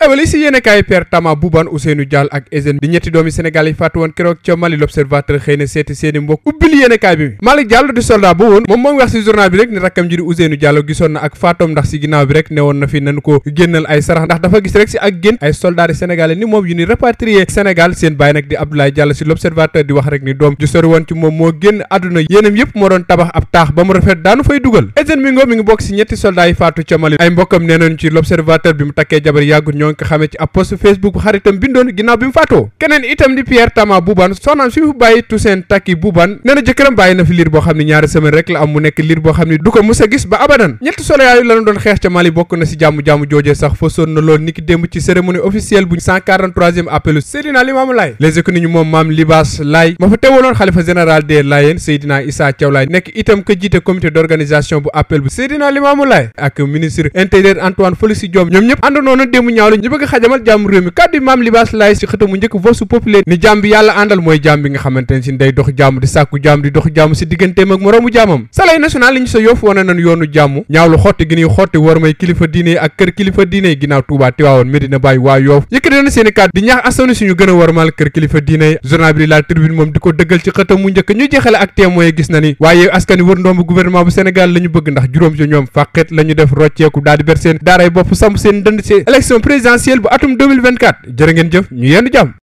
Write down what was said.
ewali si yéen kaay père Tama Boubane Ousseynou Diall ak Ezen di ñetti doomi Sénégal yi faatu woon keroog ca Mali l'observateur xëy na seeti seen i mbokk ubbil yéen kaay bi Malick Diallo di soldat ba woon moom mooy wax si journal bi rek ne rakkam ji di Ousseynou Diallo gisoon na nag di Abdoulaye Diallo si l'observateur di wax rek moom moo génn àdduna yéenam yëpp moo doon tabax ab taax ba mu rafet daanu fay dugal Ezen mi ngoo mi ngi bokk si ñetti soldats yi faatu ca Mali ay mbokkam nee ci l'observateur bi mu takkee jabar yàggut ñoo ñoo ko xamee ci ab post Facebook bu xaritam bindoon ginnaaw bi mu faatoo keneen itam di Pierre Tama Boubane soxnaam si mu bàyyi Toussaint Taki Boubane nee na jëkkëram bàyyi na fi liir boo xam ne ñaari semaine rek la am mu nekk liir boo xam ne du ko mus a gis ba abadan ñetti solo lana doon xeex ca Mali bokk na si jàmm joojee sax fa na lool ni démb ci cérémonie officielle bu 143e appelu Seydina Laay les économies moom maam Libaas Laay ñi bëgg xajamal jàmm réew mi kàddu maam libaas laay si xëtamu njëkk vosu populaire ni jàmm bi yàlla àndal mooy jàmm bi nga xamante ne si dox jàmm di sàkku jàmm di dox jàmm si digganteem ak moroomu jàmmam salay national li ñu sa yoofu wane nañ yoonu jàmm ñaawlu xotti gi ñuy xotti war kilifa diine ak kër kilifa diine ginnaaw Tuubaa Tiwaawoon Medina Baay waa Yoof yëkkati na seeni kàddu di ñaax asanu suñu gën a warmal kër kilifa diine journal bi la tribune moom di ko dëggal ci xëtamu njëkk ñu présidentielle bu atum 2024 jërë ngeen jëf ñu yendu jàmm